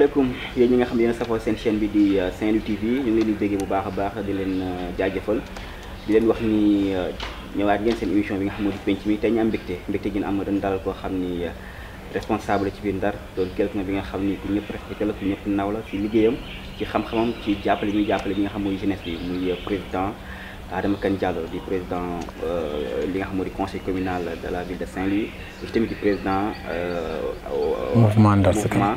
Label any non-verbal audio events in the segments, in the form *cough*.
asalaamaaleykum yéen ñi nga xam ne yéen safoo seen chaîne bi di euh, Saint-Louis TV ñu ngi leen bu baax a baax di leen euh, jaajëfal di leen wax ni euh, ñëwaat ngeen seen émission bi nga xam ne di penc mi tey ñu am mbégte mbégte gi ñu am dañu dalal koo xam ni responsable ci biir Ndar doon quelqu'un bi nga xam ni ku ñëpp respecté la ku ñëpp naw la ci liggéeyam ci xam-xamam ci jàppale muy jàppale ñi nga xam mooy jeunesse bi muy président Adama Kane Diallo di président li nga xam moo di conseil communal de la ville de Saint-Louis ci tamit di président mouvement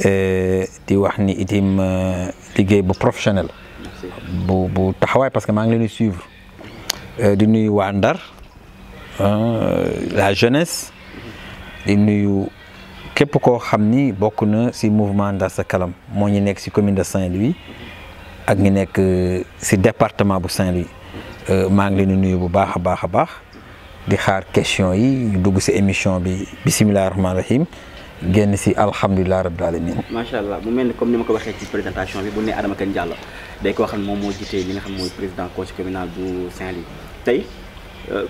di wax ni itim euh, liggéey bu professionnel bu bu taxaway parce que maa ngi suivre euh, di nuyu waa Ndar ah, euh, la jeunesse di nuyu kep ko xamni ni bokk na si mouvement da sa kalam mo ñi nekk ci commune de Saint-Louis ak ñi nekk ci département bu Saint-Louis maa ngi leen nuyu bu baaxa baaxa baax di xaar question yi ñu dugg ci émission bi bisimilah rahmaani rahim génn si alhamdulilah rabbil alamin macha allah mu mel ni comme ni ma ko waxee ci présentation bi bu ne Adama Kane Diallo day ko xam ne moom moo jiite li nga xam mooy président conseil communal bu Saint-Louis tey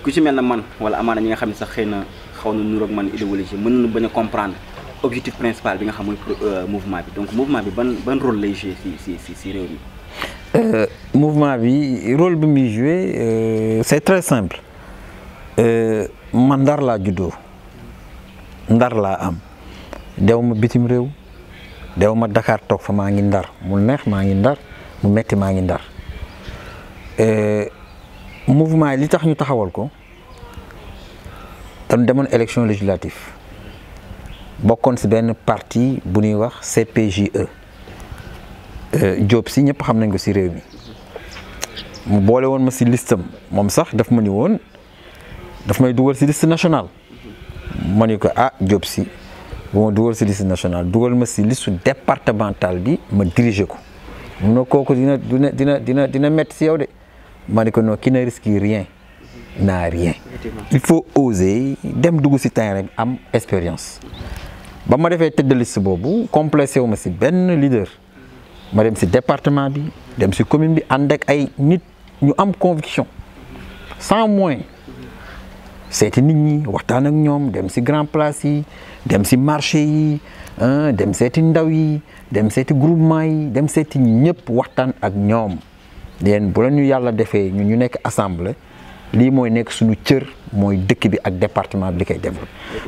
ku ci mel na man wala amaana ñi nga xam ne sax xëy na xaw na nuroog man idéologie mën nañu bañ a comprendre objectif principal bi nga xam mooy mouvement bi donc mouvement bi ban ban rôle lay joué si si si si réew mi mouvement bi rôle bi muy joué c'est très simple man ndar laa juddoo ndar laa am dew ma bitim réew dew ma Dakar toog fa maa ngi ndar mu neex maa ngi ndar mu metti maa ngi ndar euh, mouvement yi li tax ñu taxawal ko dañu demoon élection législative bokkoon si benn parti bu ñuy wax CPJE euh, Diop si ñëpp xam nañ ko si réew mi mu boole woon ma si listam moom sax daf ma ni woon daf may dugal si liste nationale ma ni ko ah Diop si bu ma dugal si liste nationale dugal ma si liste départementale bi ma diriger ko mun na kooku dina dina dina dina si yow de ma ne ko non qui ne risque rien n'a rien. il faut oser dem dugg si terrain bi am expérience ba ma defee tëdd liste boobu complexé wu ma si leader ma dem si département bi dem si commune bi ànd ak ay nit ñu am conviction sans moins, c'est nit ni waxtaan ak ñoom dem si grand place yi dem ci marché yi hein, dem seeti ndaw yi dem seeti groupement yi dem seeti ñepp waxtaan ak ñoom len bu lañu yalla défé defee ñun ñu nek assemblée li moy nek suñu cër moy dëkk bi ak département bi kay koy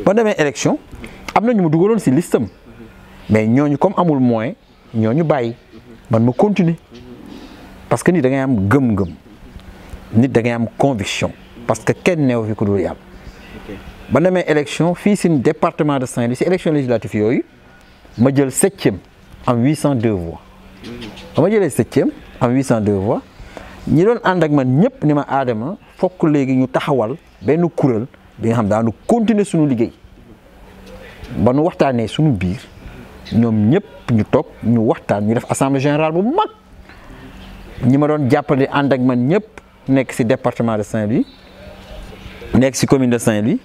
ba demee élection amna ñu mu dugaloon ci listam mais ñoñu comme amul moyen ñoñu bàyyi man ma continuer parce que ni da ngay am gëm-gëm nit da ngay am conviction parce que kenn néw fi ko dul yàlla ba mes élection ici département de Saint-Louis c'est l'élection législative suis le 7 e en 802 voix suis le 7 e en 802 voix ñi doon ak man ñëpp fokk nous ñu taxawal nous bi nga xam daanu continuer suñu ba nous suñu biir nous ñu ñu nous def assemblée générale bu mag doon ak man ñëpp département de Saint-Louis de la commune de Saint-Louis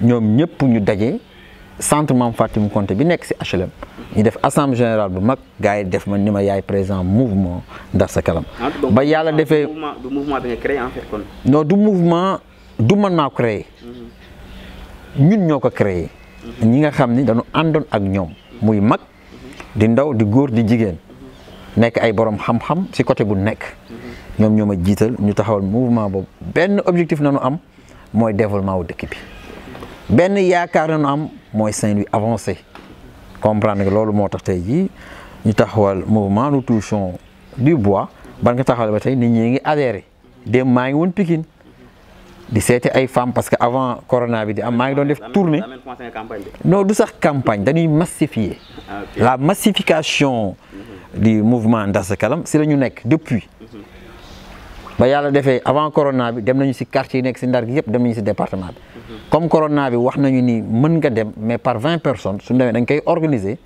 ñom ñëpp ñu nous centre mam Fatim Konté bi nek ci HLM. ñi def assemblée générale bu mag gaay def ma yaay mouvement sa ah, ba du mouvement nga créé en fait kon. non du mouvement du man créé. Mhm. ñun ñoko créé. Mhm. ñi nga dañu un ak ñom muy mag mhm. di ndaw di di jigen nek ay borom xam-xam ci côté bu nek ñom ñu taxawal mouvement bob objectif nañu am moy développement ben yaakaar na am moy Saint-Louis avancé comprendre nga loolu moo tax tey ñu taxawal mouvement nous touchons du bois ban nga taxawal ba tay nit ñi ngi adhéré dem ma ngi won Pikine di sété ay femmes parce que avant corona bi di am ma ngi doon def tourner non du sax campagne dañuy massifier ah, la massification du mouvement Ndarsa Kalam si c'est ñu nekk depuis ba yalla défé avant corona bi dem nañu ci quartier nek ci ndar gi yépp dem nañu ci département comme corona bi wax nañu ni mën nga dem mais par 20 personnes su demee dañ koy organiser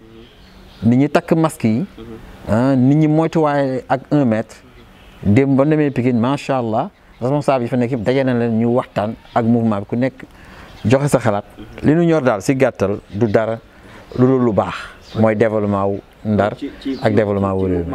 nit ñi tak masque yi hein nit ñi moytuwaay ak 1 mètre dem ba demee Pikine macha allah responsable yi fa nek yëpp daje na leen ñu waxtaan ak mouvement bi ku nek joxe sa xalaat li ñu ñor dal ci gattal du dara lu lu baax moy développement ndar ak développement wu réew mi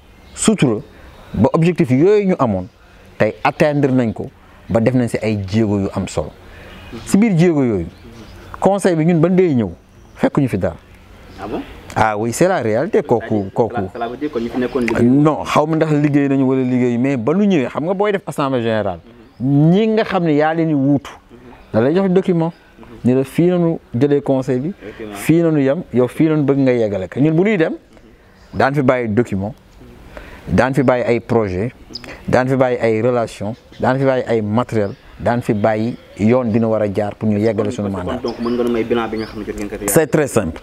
sutura ba objectif yooyu ñu amoon tey atteindre nañ ko ba def nañ si ay jéego yu am solo si biir jéego yooyu conseil bi ñun ban dee ñëw xekk ñu fi dara. ah bon ah oui c' est la réalité kooku kooku. non xaw ma ndax liggéey nañu wala liggéey mais ba nu ñëwee xam nga booy def assemblée général ñi nga xam ne yaa leen di wuutu da lay jox document. ñu la fi nañu jëlee conseil bi. fii nañu yem yow fii nañu bëgg nga yeggale ko ñun bu nuy dem daan fi bàyyi document. daan fi bàyyi ay projet daan fi bàyyi ay relation daan fi bàyyi ay matériel daan fi bàyyi yoon bi wara jaar pour ñu yeggale suñu mandat. donc mën nga may bilan bi nga xam ne jot ngeen ko. c'est très simple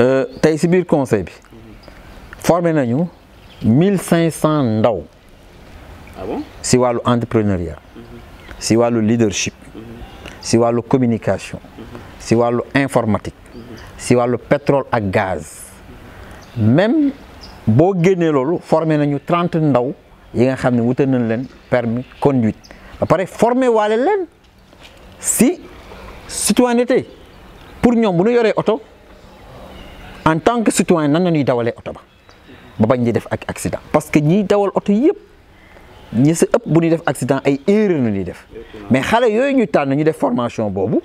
Euh tay ci bir conseil bi formé nañu 1500 ndaw. ah bon si walu entrepreneuriat. si walu leadership. si walu communication. si walu informatique. si walu pétrole ak gaz. même bo génnee loolu formé nañu 30 ndaw yi nga xamné ne nañ leen permis conduite ba paré formé walé leen si citoyenneté pour ñom bu ñu yoré auto en tant que citoyen nan la ñuy dawalee oto ba ba bañ di def ak accident parce que ñi dawal auto yépp ñi se ëpp bu ñuy def accident ay erreur la ñuy def mais xalé yoy ñu tànn ñu def formation bobu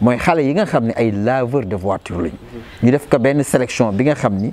moy xalé yi nga xamné ay laveur de voiture lañu ñu def ko ben sélection bi nga xamné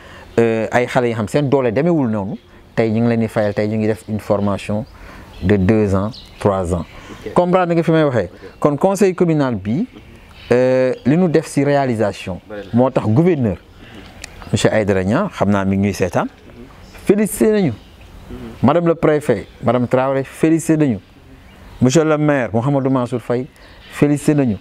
Euh, ay xalé yi xam seen doole demeewul noonu tey ñu ngi leen di fayal tey ñu ngi def une formation de deux ans trois ans comprendre nga fi may waxee kon conseil communal bi euh, li ñu def si réalisation moo tax gouverneur monsieur Aïdara Niang xam naa mi ngi ñuy seetaan félicité nañu mhm. madame le préfet madame Traoré félicité nañu monsieur le maire Mouhamadou Mansour Faye félicité nañu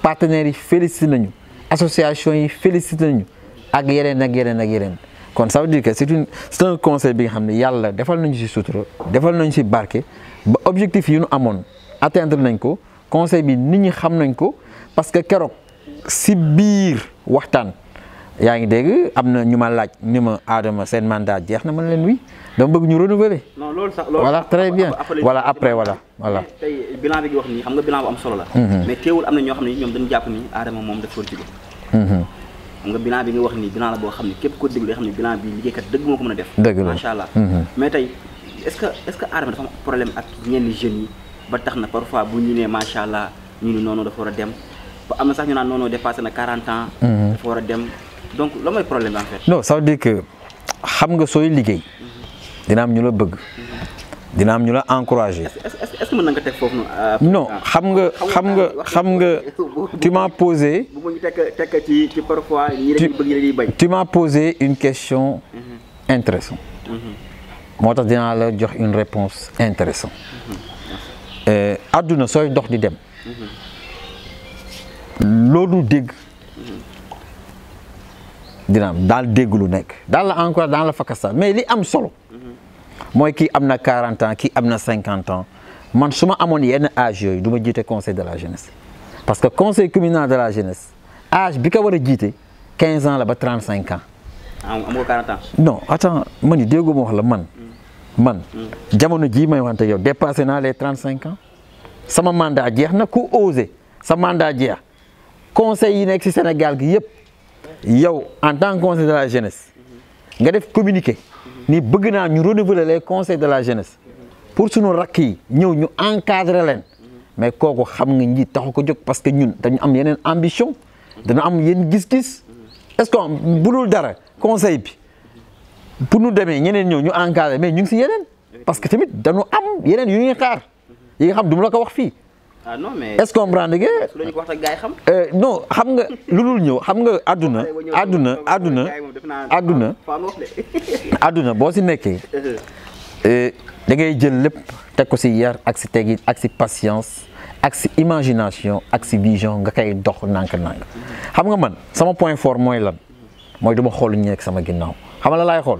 partenaires yi félicité nañu association yi félicité nañu ak yeneen ak yeneen ak yeneen kon ça veut dire que c'est une c'est un conseil bi nga xamné yalla defal nañ ci sutura defal nañ ci barké ba objectif yi ñu amone atteindre nañ ko conseil bi nit ñi xam nañ ko parce que kérok ci bir waxtan yaa ngi dégg am na laaj nima adama sen mandat jeexna man leen wi dama bëgg ñu renouveler. non lool sax lool voilà très bien voilà après voilà voilà. tay bilan bi wax ni xam nga bilan bu am solo la. Mm-hmm. mais teewul amna ño xamni ñom dañu japp ni adama mom daf ko hmm xam nga bilan bi nga wax nii bilan la boo xam ne képp ko déglu la xam ne bilan bi liggéeykat dëgg moo ko mën a def macha allah mhm. mais tey est-ce que est dafa problème ak ñenn jeunes ba tax na parfois bu ñu nee macha allah ñu ni noonu dafa war a dem ba am na sax ñu naan noonu dépassé na 40 ans mhm. dafa war a dem donc la mooy problème en fait non dire que xam nga sooy liggéey mhm. dina am ñu la bëgg dina encouragé. est ce que euh, non tu m'as posé. tu m'as posé une question mm-hmm. intéressante. Mm-hmm. Moi, dina la jox une réponse intéressante. aduna mm-hmm. euh, soy dox di dem. dina am dal lu la encore dans la mais li am solo. Moi qui am 40 ans qui amna 50 ans man suma amone amoon yenn âge yooyu du ma conseil de la jeunesse parce que conseil communal de la jeunesse âge bi ka war a 15 ans la ba 35 ans. ah 40 ans. non attends man it mo wax la man. Mm. man mm. jamono ji may wante yow dépassé les 35 ans sama mandat jeex na ku osé sa mandat jeex conseil yi nek ci Sénégal gi yëpp yow en tant que conseil de la jeunesse nga def communiquer ni bëgg naa ñu renouveler les conseils de la jeunesse pour suñu rakk yi ñëw ñu encadrer leen mais kooku xam nga ñi taxu ko jóg parce que ñun dañu am yeneen ambition dana am yenn gis-gis est-ce que bu dul dara conseil bi pour nous demee ñeneen ñëw ñu encadrer mais ñu ngi si yeneen parce que tamit dañu am yeneen yu ñuy xaar yi nga xam du la ko wax fii ah non mais est-ce que euh, non xam nga lu Aduna, xam nga aduna. Aduna, Aduna, Aduna, Aduna, patience ak imagination ak vision nga koy dox nga man sama point fort c'est lan mooy duma xool ñu sama xam uh-huh.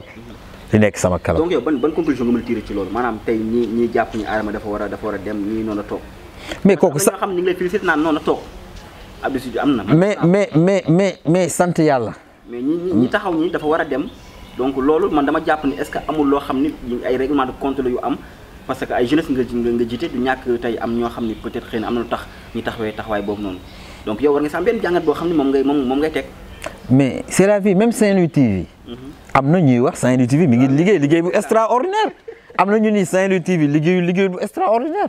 donc yo ban ban conclusion nga tirer ci ni dem mais kooku sax xam ñu ngi lay félicité naan noonu toog Abdou Sidou am na. mais mais mais mais mais sant yàlla. mais ñi ñi taxaw ñi dafa war a dem donc loolu man dama jàpp ni est-ce que amul loo xam ni ay règlement de compte la yu am parce que ay jeunesse nga nga jiite du ñàkk tey am ñoo xam ni peut-être xëy na am na lu tax ñu taxawee taxawaay boobu noonu donc yow war nga sax benn jàngat boo xam ni moom ngay moom moom ngay teg. mais c'est la vie même Saint-Louis TV. Mm-hmm. am na ñuy wax Saint-Louis TV mi ngi ah. liggéey liggéey bu extraordinaire am na ñu ni Saint-Louis TV liggéeyu liggéey bu extraordinaire.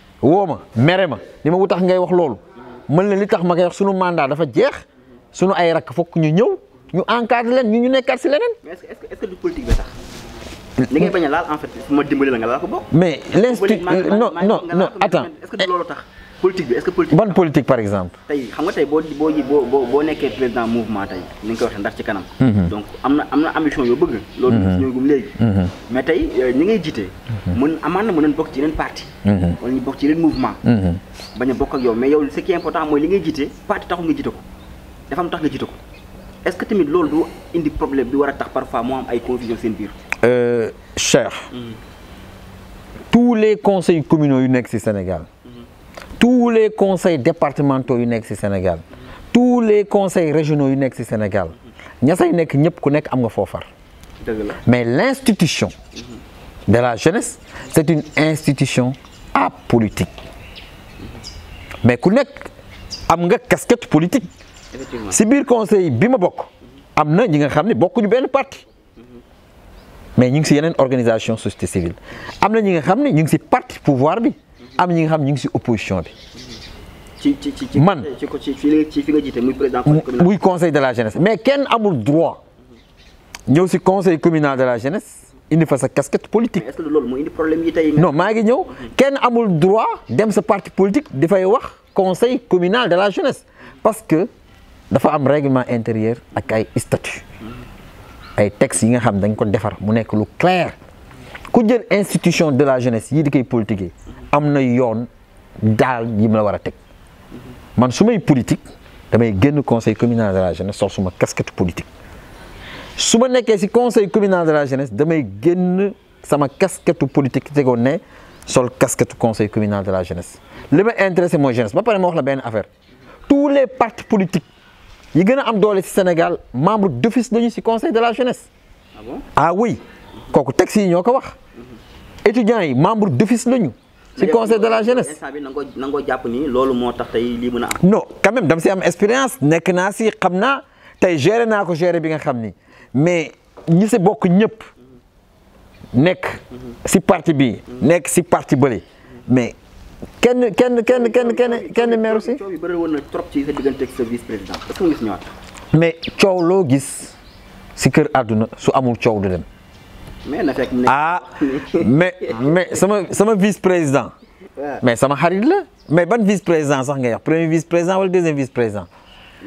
woo ma mere ma ni ma wutax ngay wax loolu mën na li tax ma koy wax sunu mandat dafa jeex sunu ay rakk fokk ñu ñëw ñu encadré leen ñu ñu nekkaat si leneen. mais est-ce que est-ce laal en fait ma dimbali la nga laal ko bokk. mais l'institut est-ce que du tax. politique est-ce que politique. bonne politique par exemple. tay xam nga tay bo bo bo boo nekkee président mouvement tay ni nga waxe ndax ci kanam. Mhm. donc amna amna ambition yo bëgg. loolu mhm. ñoo gum légui mhm. mais tay euh, ñi ngay jiite. mën amana mën ci yeneen parti. wala ñu bok ci yeneen mouvement. baña bok ak yow mais yow ce qui est important moy li ngay jiite parti taxul nga jiite ko dafa am tax nga jiite ko est-ce que tamit loolu indi problème bi wara tax parfois mo am ay confusion seen biir. Euh, Cheikh. tous les conseils communaux yu nekk ci Sénégal tous les conseils départementaux du Sénégal tous les conseils régionaux du Sénégal mais l'institution de la jeunesse c'est une institution apolitique mais ku y am casquette politique si le conseil est ma Il y beaucoup de partis. parti mais ñu y une organisation société civile Il y a, partis parti pouvoir nous sommes nga opposition bi. ci conseil de la jeunesse mais ken amul droit ñeu ci conseil communal de la jeunesse indi fa sa casquette politique. est-ce que c'est le indi problème yi tay non ma ngi ñeu mm-hmm. ken amul droit dem sa parti politique faire wax conseil communal de la jeunesse parce que dafa am règlement intérieur ak ay statut mm-hmm. ay textes yi nga xam dañ ko defar mu lu clair ku jël institution de la jeunesse qui est politique am dal yi ma la a man politique damay le conseil communal de la jeunesse sur suma casquette politique Si suis nekkee le conseil communal de la jeunesse damay suis sama casquette politique tegoon ne sol casquette conseil communal de la jeunesse qui ma c'est mon jeunesse ba pas ma wax la benn affaire tous les partis politiques ils ont des am doole si Sénégal membre d'office du conseil de la jeunesse ah, ah oui les taxi étudiants membres membre d'office c'est le conseil de la jeunesse non quand même dama si expérience je suis géré mais ñi sommes bokk ñëpp nekk si parti parti mais kenn kenn kenn aussi mais ah mais mais sama sama vice président. mais sama Harid la mais bon vice président sax nga premier vice président ou le deuxième vice président.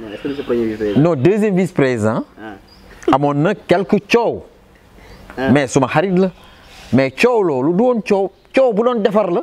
non est-ce que premier vice président. non deuxième vice président. Ah. amoon na quelque coow. Ah. mais suma Harid la mais coow loolu du woon coow coow bu doon faire la.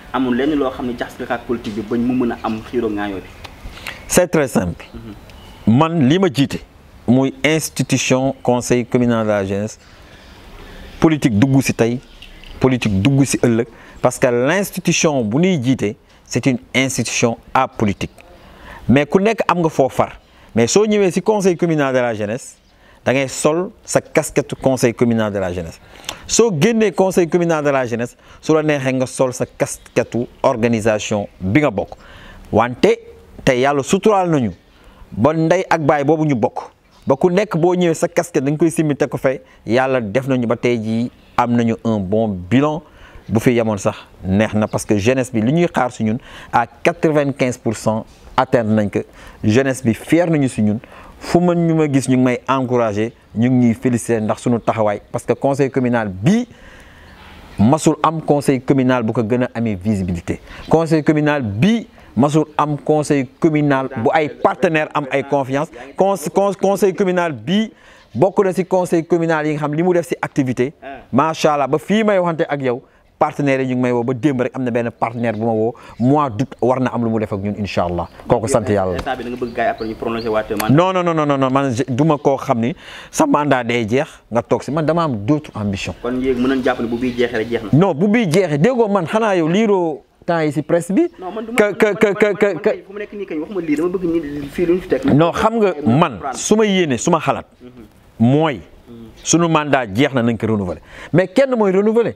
amul lenn lo xamni ne ak politique bi bañ mu meuna am xiro ngaayoo bi. c'est très simple. Mhm. man li ma jiite. muy institution conseil communal de la jeunesse politique dugg si tey politique dugg si ëllëg parce que l'institution bu ñuy jiite c'est une institution apolitique mais ku nek am nga fo far mais so ñëwee ci conseil communal de la jeunesse dans sol sa casquette conseil communal de la jeunesse so guéné conseil communal de la jeunesse sur la neexee nga sol sa casquette organisation bi nga wante te yalo suturaal nañu bon nday ak bay bobu ñu bok ba ku nek bo ñewé sa casquette dang koy simmi teg ko fay yalla def nañu ba tay ji am nañu un bon bilan bu fi yamon sax nexna parce que jeunesse bi li ñuy xaar si ñun à 95% vingt quinze atteindre nañ jeunesse bi fier nañu si ñun. Faut mën ñu ma gis ñu ngi may encouragé ñu parce que conseil communal je suis un conseil communal bu ko gën a visibilité conseil communal je suis un conseil communal bu ay partenaire am ay confiance Le conseil communal bi, beaucoup na si conseil communal yi nga xam li mu def si activité ah. macha ba partenaires yi ñu ngi may woo ba démb rek am na benn partenaire bu ma woo mois d'août war am lu mu def ak ñun incha allah kooku sant yàlla non non no non non man du ma koo xam ni sama mandat day jeex nga toog si man dama am d'autres ambitions kon yéeg mën nañ jàpp ne bu bii jeexee rek jeex na non bu bii jeexee déggoo man xanaa yow yi si presse bi que que que que que fu mu nekk nii xam nga man su ma yéene su xalaat mhm. mooy mhm. sunu mandat jeex na nañ ko renouveler mais kenn mooy renouveler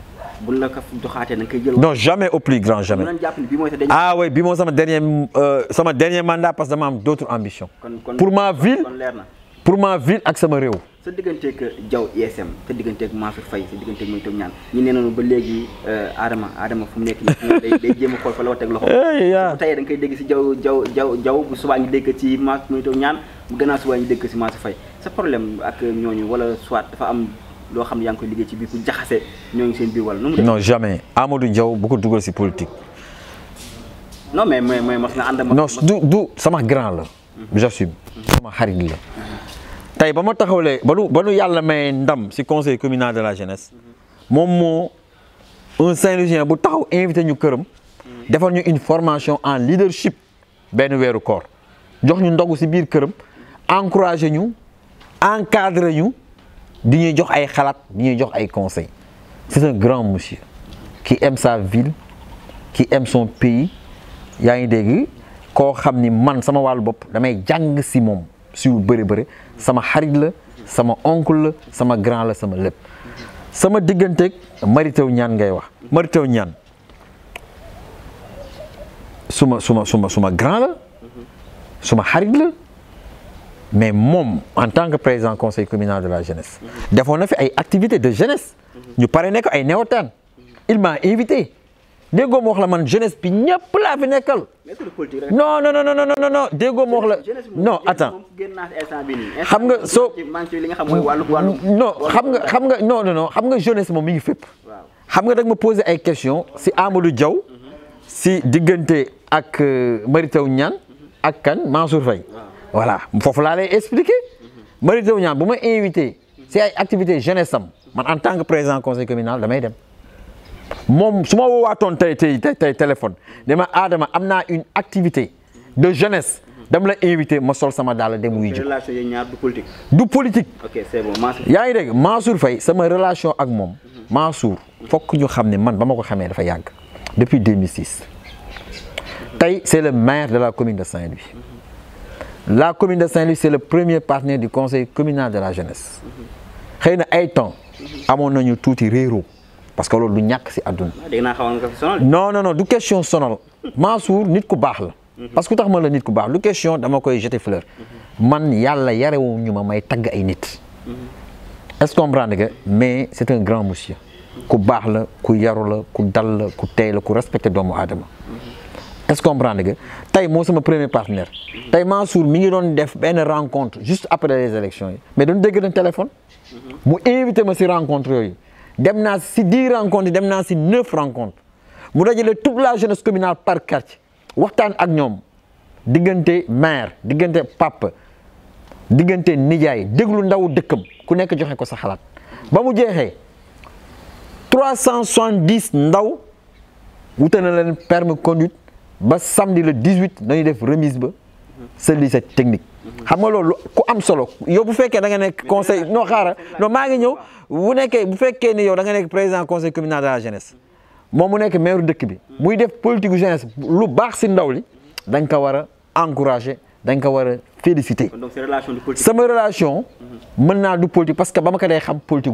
bu la ko joxaatee da jël. non jamais au plus grand jamais. ah oui bi mooy sama dernier euh, sama dernier mandat parce que dama d'autres ambitions. pour ma ville pour ma ville ak sama réew. sa que Diaw ISM sa digganteeg Mansour Faye sa digganteeg muy toog ñaan ñi nee nañu ba léegi euh, Adama Adama fu mu nekk nii day jéem a fa la war a loxo. Tay *laughs* tey da nga dégg ci Diaw Diaw Diaw Diaw bu suba ñu dégg ci Mansour muy toog ñaan bu gannaaw suba ñu dégg ci Mansour Faye sa problème ak ñoñu wala soit dafa am lo xam yang koy liggé ci bi ku jaxase ñooñu seen bi wal non jamais Amadou Diaw bu ko dugal si politique. non mais mais mais mos na ànd non du du sama grand la. Mhm. j'assume sama xarit la. tay bama taxawlé taxawlee ba nu ba nu yàlla may ndam ci conseil communal de la jeunesse mhm. moom moo un Saint-Louisien bu taxaw invité ñu kërëm mhm. defal ñu une formation en leadership ben wéru koor jox ñu ndogu ci biir kërëm encouragé ñu encadré ñu. di ñuy jox ay xalat di ñuy jox ay conseils c'est un grand monsieur qui aime sa ville qui aime son pays ya ngi dégg ko xamni man sama wal bop damay jang ci mom ci lu bëri bëri sama xarit la sama oncle la sama grand la sama lepp sama digënté Mary Teuw Niane ngay wax Mary ñaan suma suma suma suma grand la suma xarit la mais moom en tant que président conseil communal de la jeunesse defoon na fi ay activités de jeunesse ñu parrainé ko ay néotaan il m'a invité déggoo ma wax la man jeunesse bi ñëpp laa fi nekkal non non non non non non déggoo ma wax la non attends xam nga soo non xam nga xam nga non non non xam nga jeunesse moom mi ngi fépp xam nga dag ma poser ay questions si Amadou Diaw mhm. si diggante ak euh, Mary Teuw Niane ak kan Mansour Faye voilà il faut lay expliquer Mary mhm. Teuw Niane bu ma invité si activité jeunesse am en tant que président conseil communal damay dem moom Si je woowaatoon ton téléphone ne ma amna une activité de jeunesse je mhm. la invité ma sol sama daal dem wuy relation yi ñaar du politique du politique ok c'est bon Mansour Fay, ngi ma sama relation ak moom mhm. Mansour fokk ñu que ne man ba ko xamee dafa depuis 2006 c'est le maire de la commune de Saint-Louis la commune de Saint-Louis c'est le premier partenaire du conseil communal de la jeunesse y a ay temps amoon nañu tuuti parce que loolu du ñàkk si ah, non non non du question sonal Mansour nit ku baax la mhm. parce que tax ma la nit ku baax lu question dama koy jeter fleur mhm. man yare yarewu nyuma ma may tagg ay nit mhm. est-ce qu'on comprend que mais c'est un grand monsieur ku parle, la ku qui la ku dal la ku la ku est-ce que comprendre nga Moi, c'est sama premier partenaire tey Mansour mi ngi doon def rencontre juste après les élections yi mais dañu dégg nañ téléphone mu invité ma si rencontre yooyu dem naa 10 dix rencontres il y naa si neuf Il mu dajale toute la jeunesse communale par quartier waxtaan ak ñoom diggante maire diggante pape diggante nijaay déglu ndaw dëkkam ku nekk joxe ko sa xalaat ba mu jeexee trois cent soixante 370 ndaw wute na leen permis conduite ba samedi le 18 y def remise ba de cette technique xam nga loolu ku am solo yow bu fekkee da nga conseil non xaaral non maa ngi ñëw bu vous bu que ni yow da nga président conseil communal de la jeunesse moom mu nekk maire dëkk bi muy def politique jeunesse lu baax si ndaw li dañ ko war encourager dañ ko war a féliciter sama relation mën naa du politique parce que ba ma ko day xam politique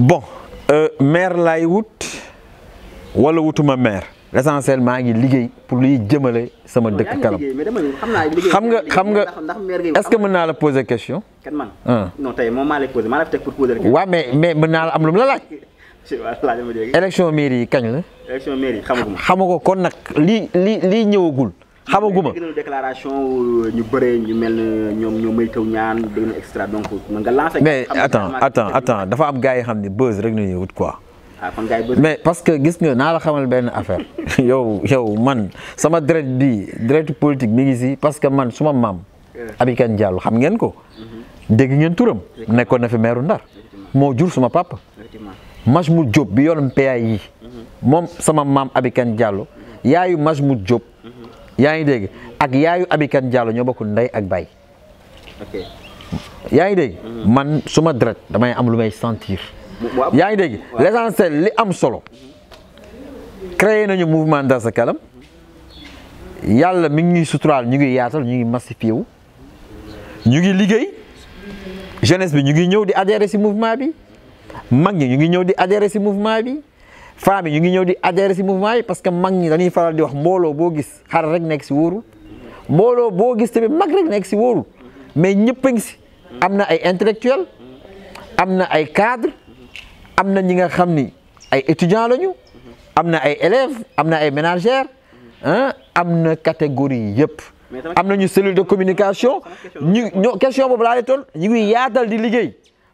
bon euh, maire mère laïout, wala ma mère. l'essentiel ngi pour lui jëmale sama dëkk est-ce que je peux la une question. Ah. non je ne peux pas poser une question. Oui, mais je peux poser élection mairie c'est. élection mairie xamaguma déclaration ñu bëree ñu melni ñom ñom may taw ñaan doon extra donc mën nga lancer. mais attends attends attends dafa am gaay xamni buzz rek la ñuy wut quoi. ah kon gars buzz mais parce que gis nga na la xamal ben affaire *laughs* yow yow man sama deret bi deret politique mi ngi si parce que man suma mam euh. Abi Kane Diallo xam ngeen ko. Mhm. dégg ngeen turam. nekkoon na fi meeru Ndar. mo jur suma papa. Majmout job bi yoon PAI yi. mom mhm. sama mam Abi Kane Diallo. Mhm. yaayu Majmout Diop. yaay deg ak yaayu abikan jallo ño bokku nday ak bay ok yaa mm-hmm. man suma deret damay am lu may sentir. yaay deg l'essentiel li am solo. Mm-hmm. créer nañu mouvement dans Sa Kalam mm-hmm. yalla mi ngi sutural ñu ngi yaatal ñu ngi massifier wu ñu ngi liggey jeunesse bi ñu ngi ñew di adhérer ci mouvement bi mag ñi ñu ngi ñew di adhérer ci mouvement bi. femmes yi ngi ñëw di adhérer si mouvement yi parce que mag ñi dañuy faral di wax mbooloo boo gis xar rek nekk si wóorul mbooloo boo gis tamit mag rek nekk si wóorul mais ñëpp a ngi si am na ay intellectuel am na ay cadre am na ñi nga xam ni ay étudiants lañu am na ay élèves am na ay ménagères ah am na catégorie yëpp. am nañu cellule de communication ñu ñoo question boobu laale lay toll ñu ngi yaatal di liggéey.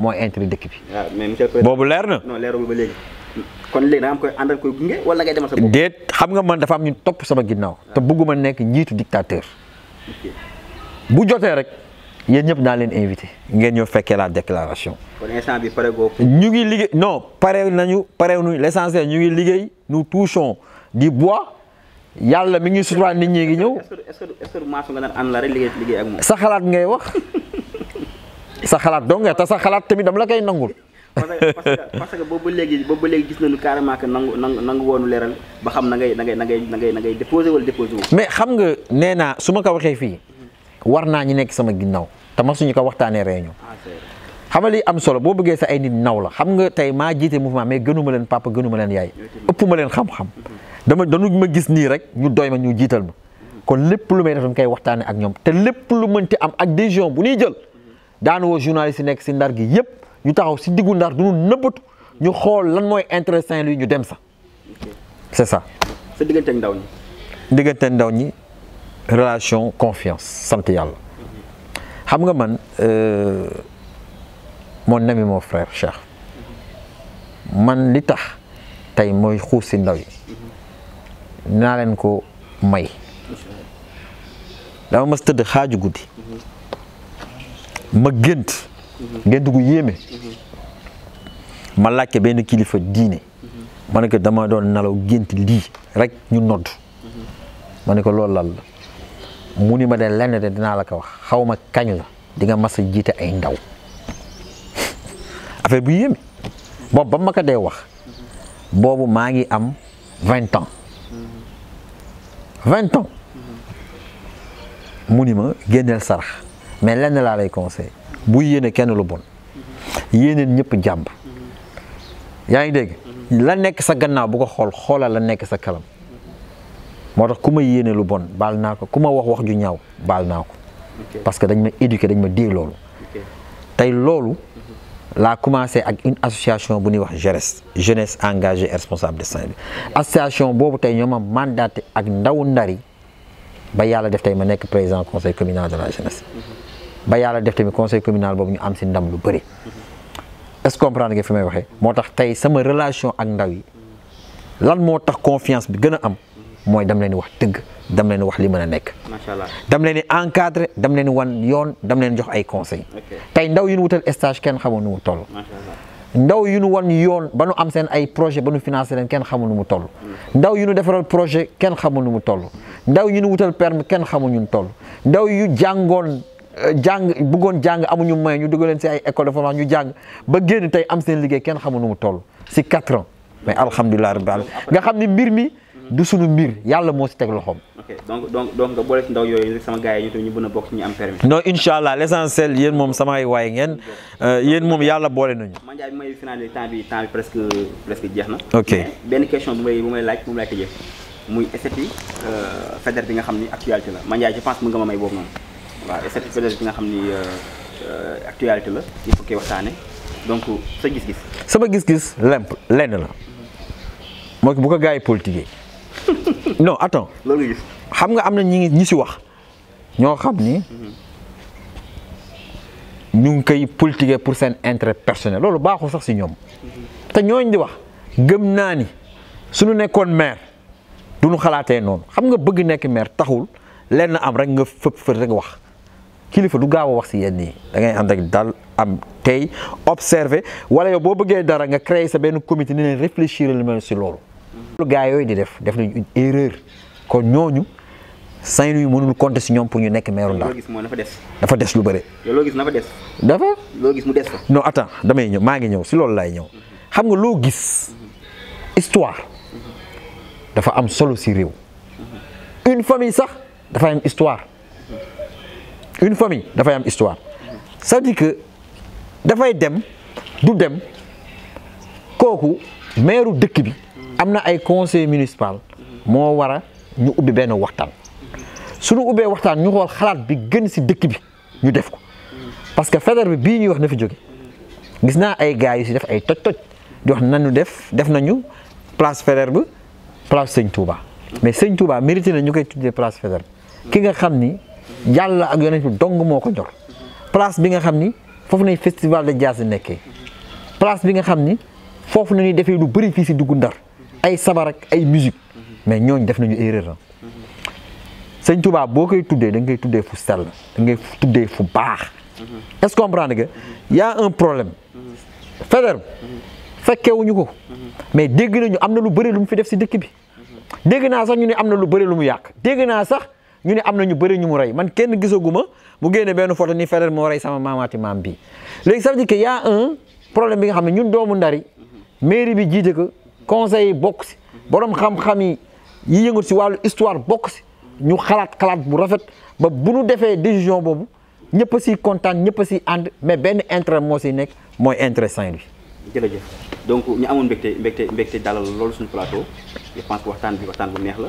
mooy intérêt dëkk bi. Ah, boobu leer na. non leerul ba léegi. kon léegi da am koy àndal koy wala ngay demal sa bopp. déet xam nga man dafa am ñu topp sama ginnaaw. te ah. bëgguma nekk njiitu dictateur. bu jotee rek yéen ñëpp naa leen invité ngeen ñoo fekkee la déclaration. kon bi pare goo ñu ngi liggéey non pare nañu pare nañu l' essentiel ñu ngi liggéey nous touchons du bois. yàlla mi ngi sutura nit ñi ngi ñëw. est-ce que est la liggéey liggéey ak sa xalaat ngay wax. *laughs* sa xalaat dong nga te sa xalaat tamit dama la koy nangul. parce ba léegi boobu ba léegi gis nañu nangu woonu leeral ba xam na ngay na ngay na ngay na ngay na ngay déposé wala déposé mais xam nga nee naa su ma ko waxee fii war naa ñu nekk sama ginnaaw te ma suñu ko waxtaanee réunion. Ah, xam nga li am solo boo bëggee sa ay nit naw la xam nga tey maa jiite mouvement mais gënuma leen papa gënu ma leen yaay ëpp ma leen xam-xam. dama dañu ma gis nii rek ñu doy ma ñu jiital ma kon lépp lu may def dañ koy waxtaanee ak ñoom te lépp lu mënti am ak décision bu ñuy jël Dans woo journaliste yi nekk ndar gi ñu taxaw si digu ndar du ñu nëbbatu ñu xol lan moy intéressant saint ñu dem sa c'est ça. sa diggante ndaw ñi. diggante ndaw ñi relation confiance sante yalla xam nga man euh, mon ami mon frère Cheikh man li tax tay moy xuus ndaw yi naa leen ko may dama mas tëdd xaaju guddi. ma gént gént gu yéeme ma laajte benn kilifa diine ma ne ko dama doon nalaw gént lii rek ñu nodd ma ne ko loolu lal la mu ni ma de lenn de dinaa la ko wax xaw ma kañ la di nga mas jiite ay ndaw *laughs* affaire bu yéeme boobu ba ma ko dee wax boobu maa ngi am vingt ans vingt ans mu ma génneel sarax mais lenn la lay conseil bu yéene kenn lu bon yéeneen ñëpp jàmm yaa ngi dégg la nekk sa gannaaw bu ko xol xoolal la nekk sa kalam motax kuma ku lu bon baal naa ko wax wax ju ñaaw baal naa parce que dañ ma éduqué dañ ma dégg loolu tay loolu La commencé ak une association bu ñuy wax jeunesse jeunesse engagée responsable de saint association bobu tay ñoo ma mandaté ak ndaw ndari ba yalla def tay ma nekk président conseil communal de la jeunesse mhm. ba yàlla def tamit conseil communal boobu ñu am si lu bëri est-ce que comprendre fi may waxee moo tax tey sama relation ak ndaw yi lan moo tax confiance bi gën a am mooy dam leen wax dëgg dam leen wax li mën a nekk macha allah dam leen encadré dam leen wan yoon dam leen jox ay conseil tey ndaw yu nu wutal stage kenn xamul nu mu toll ndaw yu nu wan yoon ba am seen ay projet ba nu financé leen kenn xamu nu mu toll ndaw yu nu defaral projet kenn xamul nu mu toll ndaw yu nu jàng bëggoon jàng amuñu may ñu dugg leen si ay école de formation ñu jàng ba génn tey am seen liggéey kenn xamu nu mu toll si quatre ans mais alhamdulilah rabbil alamin xam ne mbir mi du sunu mbir yàlla moo si teg loxoom. ok donc donc donc nga boole si ndaw bokk ñu am permis. non incha allah l' moom samay waay ngeen euh, yéen moom yàlla boole nañu. man jaay bi may finale temps jeex na. ok benn question bu may bu may laaj moom laay tëjee muy SAP fédère euh, nga xam ni actualité la man jaay je pense mën nga ma may boobu noonu. waaw et cette vedette bi nga xam ni euh, euh, actualité la ñu waxtaane donc gis-gis. sama gis-gis lemp lenn la mooy bu ko gars yi politiqué *laughs* non attends loolu xam nga am na ñi ñi si wax ñoo xam ni mhm. ñu ngi koy politiqué pour seen intérêt personnel loolu baaxul sax si ñoom mhm. te ñooñ di wax gëm naa ni su suñu nekkoon maire du ñu xalaatee noonu xam nga bëgg nekk maire taxul lenn am rek nga fëpp fër rek wax kilifa du gaaw a wax si yenn yi da ngay ànd ak dal am tey observer wala yow boo bëggee dara nga créer sa benn comité ni lu mel si loolu. loolu yooyu di def def nañ une erreur kon ñooñu Saint-Louis mënul compter si pour ñu nekk meeru Ndar. dafa des lu bëri. loo gis dafa des. dafa. loo gis mu des non attends ñëw maa ngi ñëw si loolu laay ñëw. xam nga loo gis histoire dafa am solo si réew. une famille sax dafa am histoire. une famille dafay am histoire cest à que dafay dem du dem kooku maire dëkk bi am na ay conseil municipal moo war a ñu ubbi benn waxtaan suñu ubbee waxtaan ñu xool xalaat bi gën si dëkk bi ñu def ko parce que feder bi bii ñuy wax na fi jóge gis naa ay gars yu si def ay toj-toj di wax nañu def def nañu place feder bi place Sëñ tuuba mais Sëñ Touba mérité na ñu koy tuddee place feder bi ki nga xam ni yàlla ak yonent bi dong moo ko ñor place bi nga xam ni foofu nay festival de jazz nekkee place bi nga xam ni foofu la defee lu bëri fii si dugg ndar ay sabar ak ay musique mais ñooñ def nañu erreur ah sëñ Touba boo koy tuddee da koy tuddee fu sell dangay ngay tuddee fu baax est-ce que comprendre nga y un problème Faidherbe fekkewuñu ko mais dégg nañu am na lu bari lu mu fi def si dëkk bi dégg naa sax ñu ne am na lu bari lu mu yàq dégg naa sax ñu ne am na ñu bëri ñu mu rey man kenn gisaguma mu génne benn photo ni Federer moo rey sama maamaati maam bi léegi ça veut dire problème bi nga xam ne ñun doomu ndari mairie bi jiite ko conseil bokk si boroom xam-xam yi yi yëngu si wàllu histoire bokk si ñu xalaat xalaat bu rafet ba bu nu defee décision boobu ñëpp a siy kontaan ñëpp a ànd mais benn intérêt moo siy nekk mooy intérêt yi louis donc ñu amoon mbégte mbégte mbégte dalal loolu suñu plateau je pense waxtaan bi waxtaan bu neex la.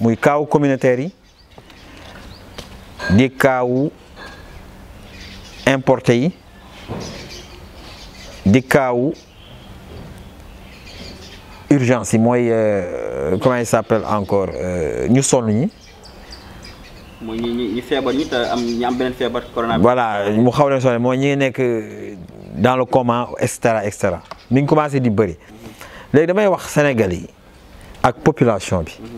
muy où communautaire yi di où importé yi di où urgence yi euh, comment il s'appelle encore nous euh, sommes ñi. ñi ñi ñi voilà dans le coma etc., etc. mi ngi commencé di population mm-hmm.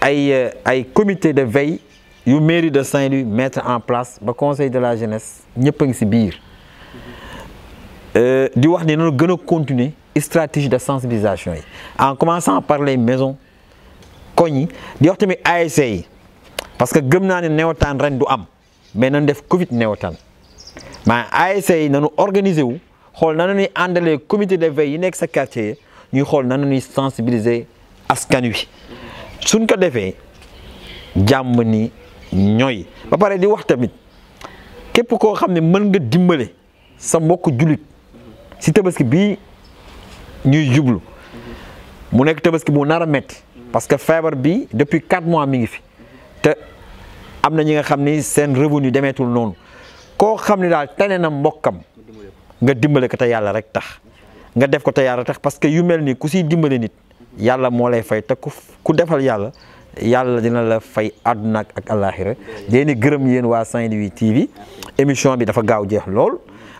ay euh, ay comité de veille yu mairie de Saint-Louis mettre en place ba conseil de la jeunesse ñëpp a ngi ci biir euh, di wax ne noonu continuer stratégie de sensibilisation en commençant par les maisons connues. yi di wax tamit ASC parce que gëm naa ne newataan ren du am mais nañ def Covid newataan mais ASC nous nañu organiser Nous xool na ñuy comité de veille yi nekk sa quartier nous sensibiliser à ce sensibiliser askan suñ ko defee jàmm ni ñooy ba pare di wax tamit képp koo xam ne mën nga dimbale sa mbokk jullit si tabaski bii ñuy jublu mu nekk tabaski bu nar a metti parce que feebar bi depuis quatre mois mi ngi fi te am na ñi nga xam ni seen revenu demeetul noonu koo xam ni daal tane na mbokkam nga dimbale ko te yàlla rek tax nga def ko te yàlla tax parce que yu mel nii ku siy dimbale nit yàlla moo lay fay te ku ku defal yàlla yàlla dina la fay àdduna ak àllaaxira dee ni gërëm yéen waa Saint-Louis TV émission bi dafa gaaw jeex lool.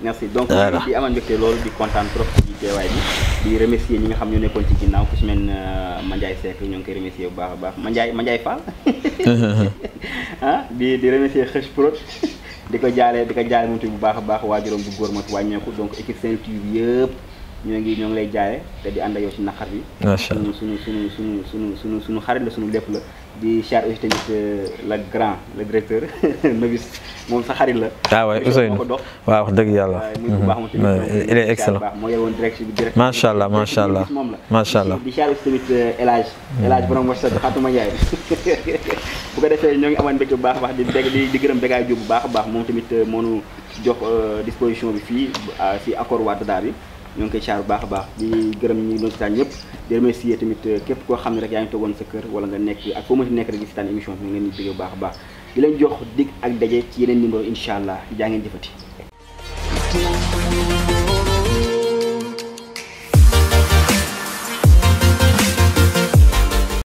merci donc di amal mbégte loolu di kontaan trop ci teewaay bi di remercier ñi nga xam ñoo nekkoon ci ginnaaw ku si mel euh, Mandiaye Seck ñoo ngi koy remercier bu baax a baax Mandiaye Mandiaye Fall *laughs* ah di di remercier Xëch Pro di ko jaale di ko jaale moom bu baax a baax waajuram bu góor mat wàññeeku donc équipe Sen TV yëpp ñoo ngi ñoo ngi lay jaale te di ànd ak yow ci naqar bi. macha allah suñu suñu suñu suñu suñu suñu suñu xarit la suñu lépp la. di char aussi tamit euh, la grand le directeur *laughs* novice moom sa xarit la. Ah waaw waay Ousseynou waaw dëgg yàlla. Mhm. il est excellent moo yoroon direct bi direct. macha allah macha allah macha allah di char aussi tamit euh, El Hadj. El Hadj borom wasa xatuma Ndiaye *laughs* bu ko defee ñoo ngi amoon mbégte bu baax a baax di dégg di gërëm dégâts yu bu baax a baax moom tamit euh, moo nu jox disposition bi fii si accord waa Dadaa bi. ñoo ngi koy baax a baax di gërëm ñi doon seetaan ñëpp di tamit euh, képp koo xam ne rek yaa ngi toogoon sa kër wala nga nekk ak foo mënti nekk rek di seetaan émission bi ñu ngi leen di bëgg baax a baax di leen jox dig ak daje ci yeneen numéro incha jaa ngeen jëfati